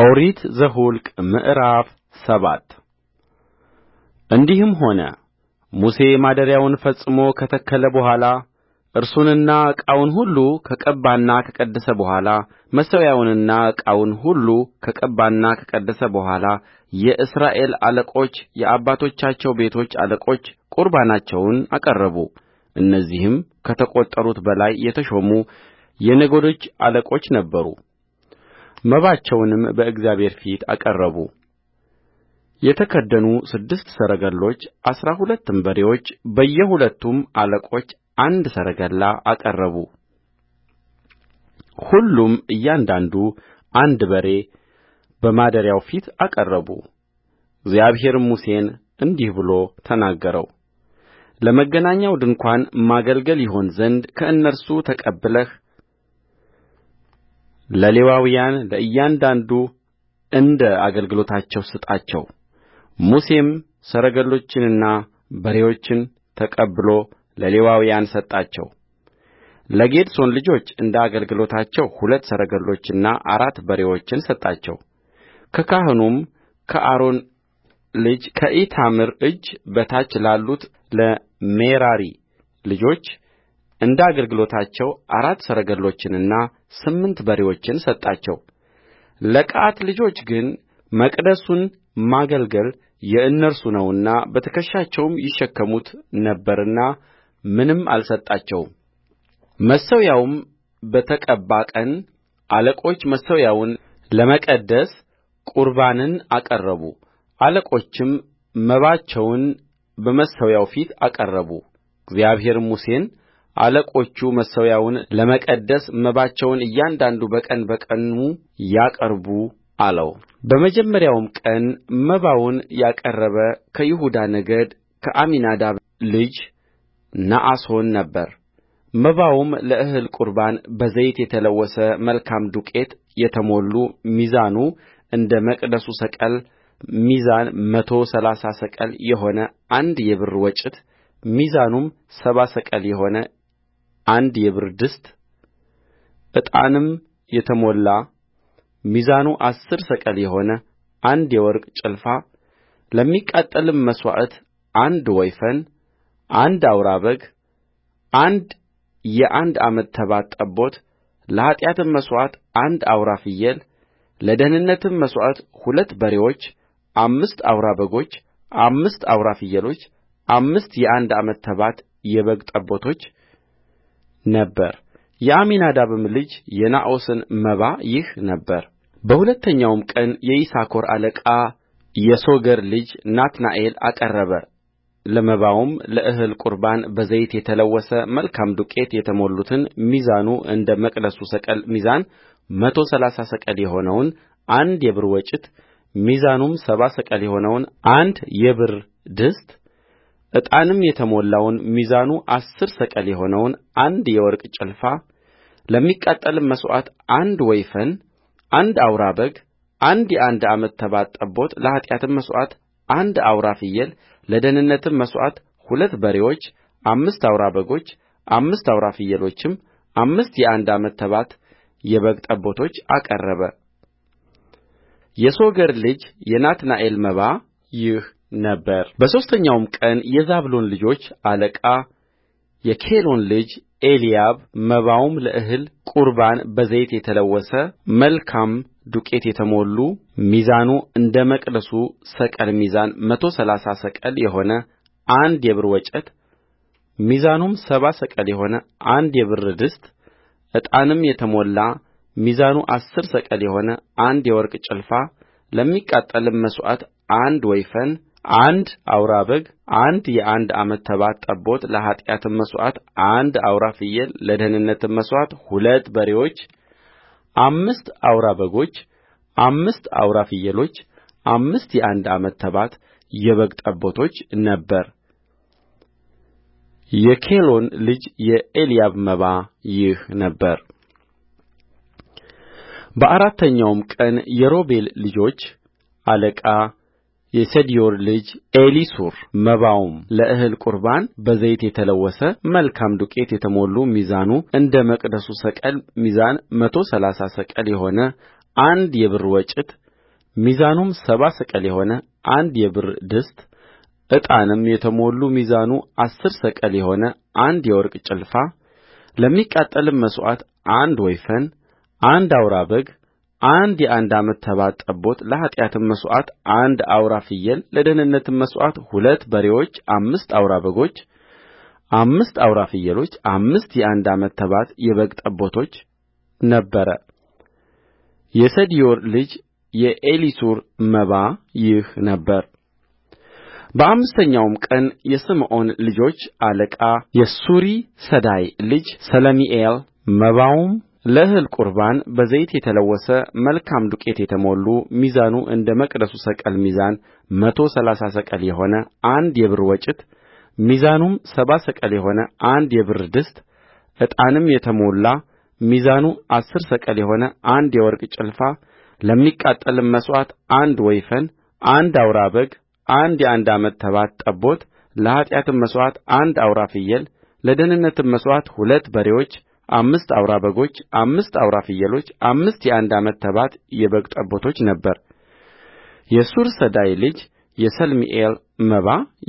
ኦሪት ዘኍልቍ ምዕራፍ ሰባት እንዲህም ሆነ ሙሴ ማደሪያውን ፈጽሞ ከተከለ በኋላ እርሱንና ዕቃውን ሁሉ ከቀባና ከቀደሰ በኋላ መሠዊያውንና ዕቃውን ሁሉ ከቀባና ከቀደሰ በኋላ የእስራኤል አለቆች የአባቶቻቸው ቤቶች አለቆች ቁርባናቸውን አቀረቡ። እነዚህም ከተቈጠሩት በላይ የተሾሙ የነገዶች አለቆች ነበሩ። መባቸውንም በእግዚአብሔር ፊት አቀረቡ የተከደኑ ስድስት ሰረገሎች አሥራ ሁለትም በሬዎች በየሁለቱም አለቆች አንድ ሰረገላ አቀረቡ ሁሉም እያንዳንዱ አንድ በሬ በማደሪያው ፊት አቀረቡ። እግዚአብሔርም ሙሴን እንዲህ ብሎ ተናገረው። ለመገናኛው ድንኳን ማገልገል ይሆን ዘንድ ከእነርሱ ተቀብለህ ለሌዋውያን ለእያንዳንዱ እንደ አገልግሎታቸው ስጣቸውሙሴም ሰረገሎችንና በሬዎችን ተቀብሎ ለሌዋውያን ለጌድሶን ልጆች እንደ አገልግሎታቸው ሁለት ሰረገሎችና አራት በሬዎችን ሰጣቸው። ከካህኑም ከአሮን ልጅ ከኢታምር እጅ በታች ላሉት ለሜራሪ ልጆች እንደ አገልግሎታቸው አራት ሰረገሎችንና ስምንት በሬዎችን ሰጣቸው ለቀዓት ልጆች ግን መቅደሱን ማገልገል የእነርሱ ነውና በትከሻቸውም ይሸከሙት ነበርና ምንም አልሰጣቸውም። መሠዊያውም በተቀባ ቀን አለቆች መሠዊያውን ለመቀደስ ቁርባንን አቀረቡ አለቆችም መባቸውን በመሠዊያው ፊት አቀረቡ እግዚአብሔርም ሙሴን አለቆቹ መሠዊያውን ለመቀደስ መባቸውን እያንዳንዱ በቀን በቀኑ ያቅርቡ በመጀመሪያውም ቀን መባውን ያቀረበ ከይሁዳ ነገድ ከአሚናዳብ ልጅ ነአሶን ነበረመባውም ለእህል ቍርባን በዘይት የተለወሰ መልካም ዱቄት የተሞሉ ሚዛኑ እንደ መቅደሱ ሰቅል ሚዛን መቶ ሠላሳ ሰቅል የሆነ አንድ የብር ወጭት ሚዛኑም ሰባ ሰቅል የሆነ አንድ የብር ድስት ዕጣንም የተሞላ ሚዛኑ አሥር ሰቅል የሆነ አንድ የወርቅ ጭልፋለሚቃጠልም መሥዋዕት አንድ ወይፈን አንድ አውራ በግ አንድ የአንድ ዓመት ተባት ጠቦትለኃጢአትም መሥዋዕት አንድ አውራ ፍየልለደኅንነትም መሥዋዕት ሁለት በሬዎች አምስት አውራ በጎች አምስት አውራ ፍየሎች አምስት የአንድ ዓመት ተባት የበግ ጠቦቶች የአሚናዳብም ልጅ የነአሶን መባ ይህ ነበረበሁለተኛውም ቀን የይሳኮር አለቃ የሶገር ልጅ ናትናኤል አቀረበ ለመባውም ለእህል ቍርባን በዘይት የተለወሰ መልካም ዱቄት የተሞሉትን ሚዛኑ እንደ መቅደሱ ሰቅል ሚዛን መቶ ሠላሳ ሰቅል የሆነውን አንድ የብር ወጭት ሚዛኑም ሰባ ሰቅል የሆነውን አንድ የብር ድስት ዕጣንም የተሞላውን ሚዛኑ አሥር ሰቅል የሆነውን አንድ የወርቅ ጭልፋለሚቃጠልም መሥዋዕት አንድ ወይፈን አንድ አውራ በግ አንድ የአንድ ዓመት ተባት ጠቦትለኃጢአትም መሥዋዕት አንድ አውራ ፍየልለደኅንነትም መሥዋዕት ሁለት በሬዎች አምስት አውራ በጎች አምስት አውራ ፍየሎችም አምስት የአንድ ዓመት ተባት የበግ ጠቦቶች አቀረበ የሶገር ልጅ የናትናኤል መባ ይህ ነበረ በሦስተኛውም ቀን የዛብሎን ልጆች አለቃ የኬሎን ልጅ መባውም ለእህል ቍርባን በዘይት የተለወሰ መልካም ዱቄት የተሞሉ ሚዛኑ እንደ መቅደሱ ሰቅል ሚዛን መቶ ሠላሳ ሰቅል የሆነ አንድ የብር ወጭት ሚዛኑም ሰባ ሰቅል የሆነ አንድ የብር ድስትዕጣንም የተሞላ ሚዛኑ አሥር ሰቅል የሆነ አንድ የወርቅ ጭልፋለሚቃጠልም መሥዋዕት አንድ ወይፈን አንድ አውራ በግ አንድ የአንድ ዓመት ተባት ጠቦትለኃጢአትም መሥዋዕት አንድ አውራ ፍየልለደኅንነትም መሥዋዕት ሁለት በሬዎች አምስት አውራ በጎች አምስት አውራ ፍየሎች አምስት የአንድ ዓመት ተባት የበግ ጠቦቶች ነበረ የኬሎን ልጅ የኤልያብ መባ ይህ በአራተኛውም ቀን የሮቤል ልጆች አለቃ የሰዲዮር ልጅ ኤሊሱርመባውም ለእህል ቍርባን በዘይት የተለወሰ መልካም ዱቄት የተሞሉ ሚዛኑ እንደ መቅደሱ ሰቅል ሚዛን መቶ ሠላሳ ሰቅል የሆነ አንድ የብር ወጭት ሚዛኑም ሰባ ሰቅል የሆነ አንድ የብር ድስትዕጣንም የተሞሉ ሚዛኑ አሥር ሰቅል የሆነ አንድ የወርቅ ጭልፋለሚቃጠልም መሥዋዕት አንድ ወይፈን አንድ አውራ በግ አንድ የአንድ ዓመት ተባት ጠቦትለኃጢአትም መሥዋዕት አንድ አውራ ፍየልለደኅንነትም መሥዋዕት ሁለት በሬዎች አምስት አውራ በጎች አምስት አውራ ፍየሎች አምስት የአንድ ዓመት ተባት የበግ ጠቦቶች ነበረ የሰዲዮር ልጅ የኤሊሱር መባ ይህ ነበረበአምስተኛውም ቀን የስምዖን ልጆች አለቃ የሱሪሰዳይ ልጅ ሰለሚኤል መባውም ለእህል ቍርባን በዘይት የተለወሰ መልካም ዱቄት የተሞሉ ሚዛኑ እንደ መቅደሱ ሰቅል ሚዛን መቶ ሠላሳ ሰቅል የሆነ አንድ የብር ወጭት ሚዛኑም ሰባ ሰቅል የሆነ አንድ የብር ድስትዕጣንም የተሞላ ሚዛኑ አሥር ሰቅል የሆነ አንድ የወርቅ ጭልፋለሚቃጠልም መሥዋዕት አንድ ወይፈን አንድ አውራ በግ አንድ የአንድ ዓመት ተባት ጠቦትለኃጢአትም መሥዋዕት አንድ አውራ ፍየል ለደኅንነትም መሥዋዕት ሁለት በሬዎች አምስት አውራ በጎች አምስት አውራ ፍየሎች አምስት የአንድ ዓመት ተባት የበግ ጠቦቶች ነበረ የሱሪሰዳይ ልጅ የሰለሚኤል መባ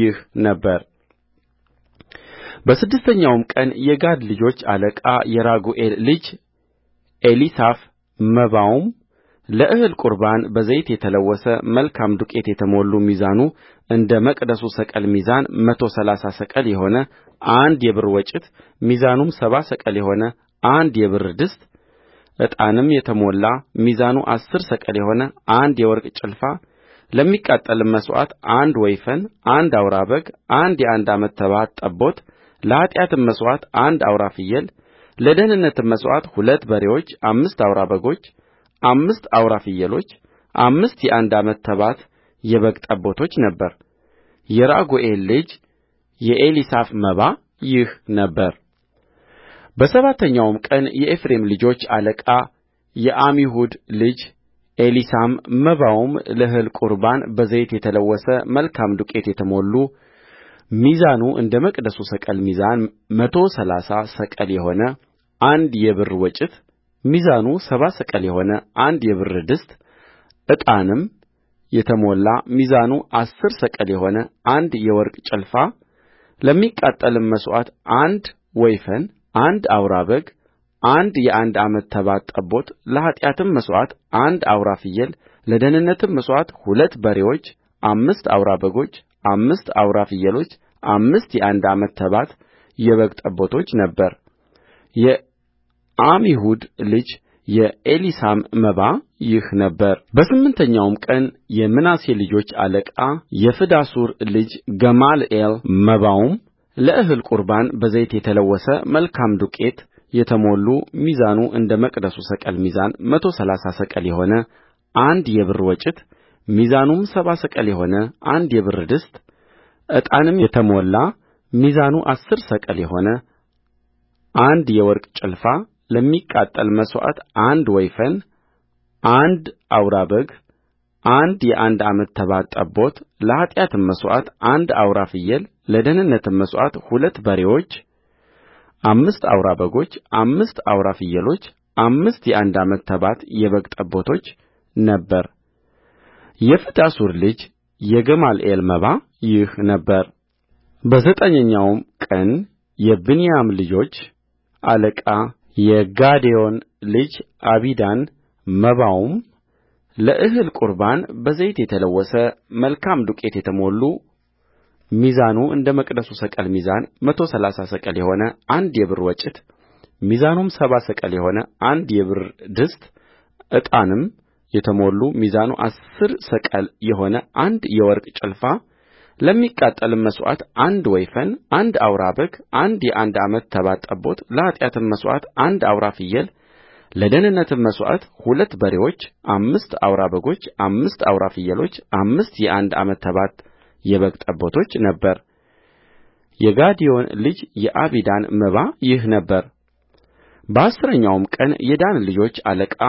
ይህ ነበረበስድስተኛውም ቀን የጋድ ልጆች አለቃ የራጉኤል ልጅ ኤሊሳፍ መባውም ለእህል ቍርባን በዘይት የተለወሰ መልካም ዱቄት የተሞሉ ሚዛኑ እንደ መቅደሱ ሰቅል ሚዛን መቶ ሠላሳ ሰቅል የሆነ አንድ የብር ወጭት ሚዛኑም ሰባ ሰቅል የሆነ አንድ የብር ድስትዕጣንም የተሞላ ሚዛኑ አሥር ሰቅል የሆነ አንድ የወርቅ ጭልፋለሚቃጠልም መሥዋዕት አንድ ወይፈን አንድ አውራ በግ አንድ የአንድ ዓመት ተባት ጠቦትለኃጢአትም መሥዋዕት አንድ አውራ ፍየል ለደኅንነትም መሥዋዕት ሁለት በሬዎች አምስት አውራ በጎች አምስት አውራ ፍየሎች አምስት የአንድ ዓመት ተባት የበግ ጠቦቶች ነበረ የራጉኤል ልጅ የኤሊሳፍ መባ ይህ ነበር። በሰባተኛውም ቀን የኤፍሬም ልጆች አለቃ የዓሚሁድ ልጅ ኤሊሳማ መባውም ለእህል ቍርባን በዘይት የተለወሰ መልካም ዱቄት የተሞሉ ሚዛኑ እንደ መቅደሱ ሰቅል ሚዛን መቶ ሠላሳ ሰቅል የሆነ አንድ የብር ወጭት ሚዛኑ ሰባ ሰቅል የሆነ አንድ የብር ድስትዕጣንም የተሞላ ሚዛኑ አሥር ሰቅል የሆነ አንድ የወርቅ ጭልፋለሚቃጠልም መሥዋዕት አንድ ወይፈን አንድ አውራ በግ አንድ የአንድ ዓመት ተባት ጠቦትለኃጢአትም መሥዋዕት አንድ አውራ ፍየልለደኅንነትም መሥዋዕት ሁለት በሬዎች አምስት አውራ በጎች አምስት አውራ ፍየሎች አምስት የአንድ ዓመት ተባት የበግ ጠቦቶች ነበረ የዓሚሁድ ልጅ የኤሊሳማ መባ ይህ ነበረበስምንተኛውም ቀን የምናሴ ልጆች አለቃ የፍዳሱር ልጅ ገማልኤልመባውም ለእህል ቍርባን በዘይት የተለወሰ መልካም ዱቄት የተሞሉ ሚዛኑ እንደ መቅደሱ ሰቅል ሚዛን መቶ ሠላሳ ሰቅል የሆነ አንድ የብር ወጭት ሚዛኑም ሰባ ሰቅል የሆነ አንድ የብር ድስትዕጣንም የተሞላ ሚዛኑ አሥር ሰቅል የሆነ አንድ የወርቅ ጭልፋ ለሚቃጠል መሥዋዕት አንድ ወይፈን አንድ አውራ በግ አንድ የአንድ ዓመት ተባት ጠቦትለኃጢአትም መሥዋዕት አንድ አውራ ፍየልለደኅንነትም መሥዋዕት ሁለት በሬዎች አምስት አውራ በጎች አምስት አውራ ፍየሎች አምስት የአንድ ዓመት ተባት የበግ ጠቦቶች ነበረ የፍዳሱር ልጅ የገማልኤል መባ ይህ ነበረበዘጠኝኛውም ቀን የብንያም ልጆች አለቃ የጋዴዮን ልጅ አቢዳንመባውም ለእህል ቍርባን በዘይት የተለወሰ መልካም ዱቄት የተሞሉ ሚዛኑ እንደ መቅደሱ ሰቅል ሚዛን መቶ ሠላሳ ሰቅል የሆነ አንድ የብር ወጭት ሚዛኑም ሰባ ሰቅል የሆነ አንድ የብር ድስትዕጣንም የተሞሉ ሚዛኑ አሥር ሰቅል የሆነ አንድ የወርቅ ጭልፋ ለሚቃጠልም መሥዋዕት አንድ ወይፈን አንድ አውራ በግ አንድ የአንድ ዓመት ተባት ጠቦትለኃጢአትም መሥዋዕት አንድ አውራ ፍየልለደኅንነትም መሥዋዕት ሁለት በሬዎች አምስት አውራ በጎች አምስት አውራ ፍየሎች አምስት የአንድ ዓመት ተባት የበግ ጠቦቶች ነበረ የጋዴዮን ልጅ የአቢዳን መባ ይህ ነበረበአሥረኛውም ቀን የዳን ልጆች አለቃ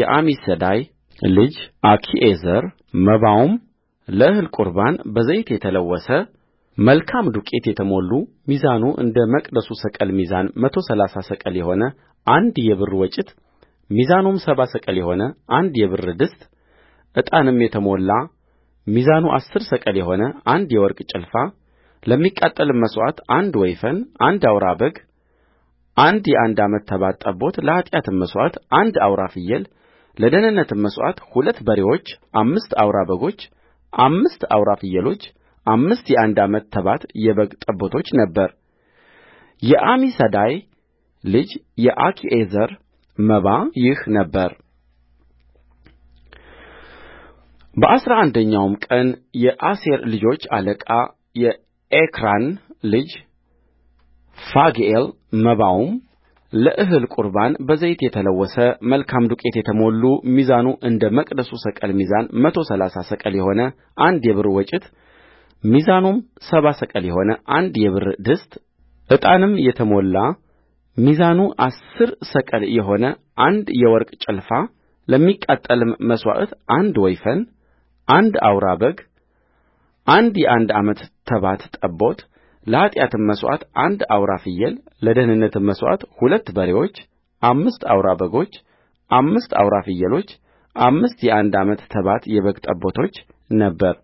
የአሚሳዳይ ልጅ አኪኤዘር መባውም ለእህል ቍርባን በዘይት የተለወሰ መልካም ዱቄት የተሞሉ ሚዛኑ እንደ መቅደሱ ሰቅል ሚዛን መቶ ሠላሳ ሰቅል የሆነ አንድ የብር ወጭት ሚዛኑም ሰባ ሰቅል የሆነ አንድ የብር ድስትዕጣንም የተሞላ ሚዛኑ አሥር ሰቅል የሆነ አንድ የወርቅ ጭልፋለሚቃጠልም መሥዋዕት አንድ ወይፈን አንድ አውራ በግ አንድ የአንድ ዓመት ተባት ጠቦትለኃጢአትም መሥዋዕት አንድ አውራ ፍየልለደኅንነትም መሥዋዕት ሁለት በሬዎች አምስት አውራ በጎች አምስት አውራ ፍየሎች አምስት የአንድ ዓመት ተባት የበግ ጠቦቶች ነበረ የአሚሳዳይ ልጅ የአኪዔዘር መባ ይህ ነበረበአሥራ አንደኛውም ቀን የአሴር ልጆች አለቃ የኤክራን ልጅ ፋግኤል መባውም ለእህል ቍርባን በዘይት የተለወሰ መልካም ዱቄት የተሞሉ ሚዛኑ እንደ መቅደሱ ሰቅል ሚዛን መቶ ሠላሳ ሰቅል የሆነ አንድ የብር ወጭት ሚዛኑም ሰባ ሰቅል የሆነ አንድ የብር ድስትዕጣንም የተሞላ ሚዛኑ አሥር ሰቅል የሆነ አንድ የወርቅ ጭልፋለሚቃጠልም መሥዋዕት አንድ ወይፈን አንድ አውራ በግ አንድ የአንድ ዓመት ተባት ጠቦት ለኃጢአትም መሥዋዕት አንድ አውራ ፍየልለደኅንነትም መሥዋዕት ሁለት በሬዎች አምስት አውራ በጎች አምስት አውራ ፍየሎች አምስት የአንድ ዓመት ተባት የበግ ጠቦቶች ነበረ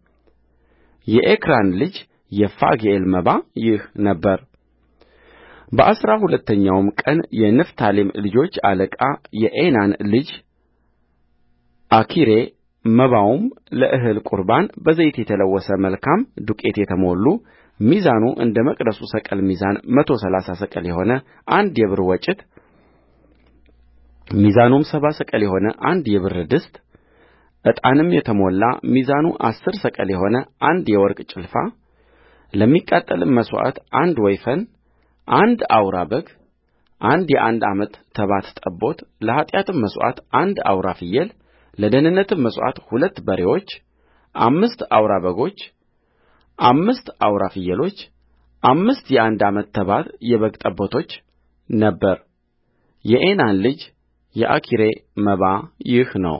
የኤክራን ልጅ የፋግኤል መባ ይህ ነበረበአሥራ ሁለተኛውም ቀን የንፍታሌም ልጆች አለቃ የዔናን ልጅ አኪሬ መባውም ለእህል ቍርባን በዘይት የተለወሰ መልካም ዱቄት የተሞሉ ሚዛኑ እንደ መቅደሱ ሰቅል ሚዛን መቶ ሠላሳ ሰቅል የሆነ አንድ የብር ወጭት ሚዛኑም ሰባ ሰቅል የሆነ አንድ የብር ድስትዕጣንም የተሞላ ሚዛኑ አሥር ሰቅል የሆነ አንድ የወርቅ ጭልፋለሚቃጠልም መሥዋዕት አንድ ወይፈን አንድ አውራ በግ አንድ የአንድ ዓመት ተባት ጠቦትለኃጢአትም መሥዋዕት አንድ አውራ ፍየል ለደኅንነትም መሥዋዕት ሁለት በሬዎች አምስት አውራ በጎች አምስት አውራ ፍየሎች አምስት የአንድ ዓመት ተባት የበግ ጠቦቶች ነበረ የዔናን ልጅ የአኪሬ መባ ይህ ነው።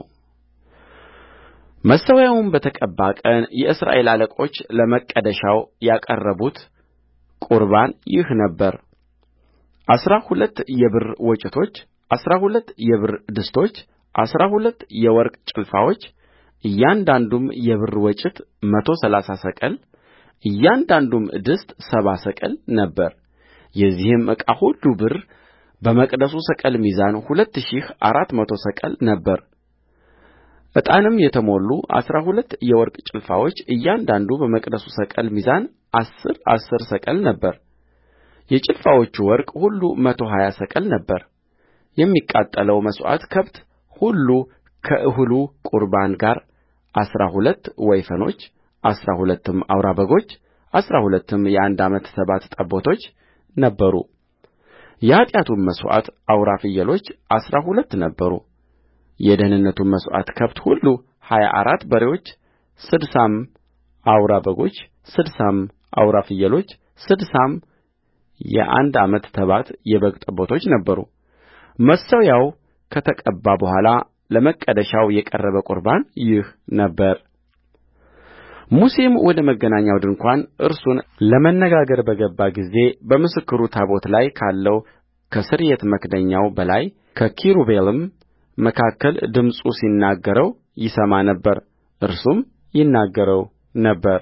መሠዊያውም በተቀባ ቀን የእስራኤል አለቆች ለመቀደሻው ያቀረቡት ቍርባን ይህ ነበረ አሥራ ሁለት የብር ወጭቶች አሥራ ሁለት የብር ድስቶች አሥራ ሁለት የወርቅ ጭልፋዎች እያንዳንዱም የብር ወጭት መቶ ሠላሳ ሰቅል እያንዳንዱም ድስት ሰባ ሰቅል የዚህም ዕቃ ሁሉ ብር በመቅደሱ ሰቅል ሚዛን ሁለት ሺህ አራት መቶ ሰቅል ዕጣንም የተሞሉ አሥራ ሁለት የወርቅ ጭልፋዎች እያንዳንዱ በመቅደሱ ሰቅል ሚዛን አሥር አሥር ሰቅል የጭልፋዎቹ ወርቅ ሁሉ መቶ ሀያ ሰቅል የሚቃጠለው መሥዋዕት ከብት ሁሉ ከእህሉ ቍርባን ጋር አሥራ ሁለት ወይፈኖች አሥራ ሁለትም አውራ በጎች አሥራ ሁለትም የአንድ ዓመት ተባት ጠቦቶች ነበሩ የኃጢአቱም መሥዋዕት አውራ ፍየሎች አሥራ ሁለት ነበሩ የደኅንነቱም መሥዋዕት ከብት ሁሉ ሀያ አራት በሬዎች ስድሳም አውራ በጎች ስድሳም አውራ ፍየሎች ስድሳም የአንድ ዓመት ተባት የበግ ጠቦቶች ነበሩ መሠዊያው ከተቀባ በኋላ ለመቀደሻው የቀረበ ቍርባን ይህ ነበረ ሙሴም ወደ መገናኛው ድንኳን እርሱን ለመነጋገር በገባ ጊዜ በምስክሩ ታቦት ላይ ካለው ከስርየት መክደኛው በላይ ከኪሩቤልም መካከል ድምፁ ሲናገረው ይሰማ ነበር እርሱም ይናገረው ነበር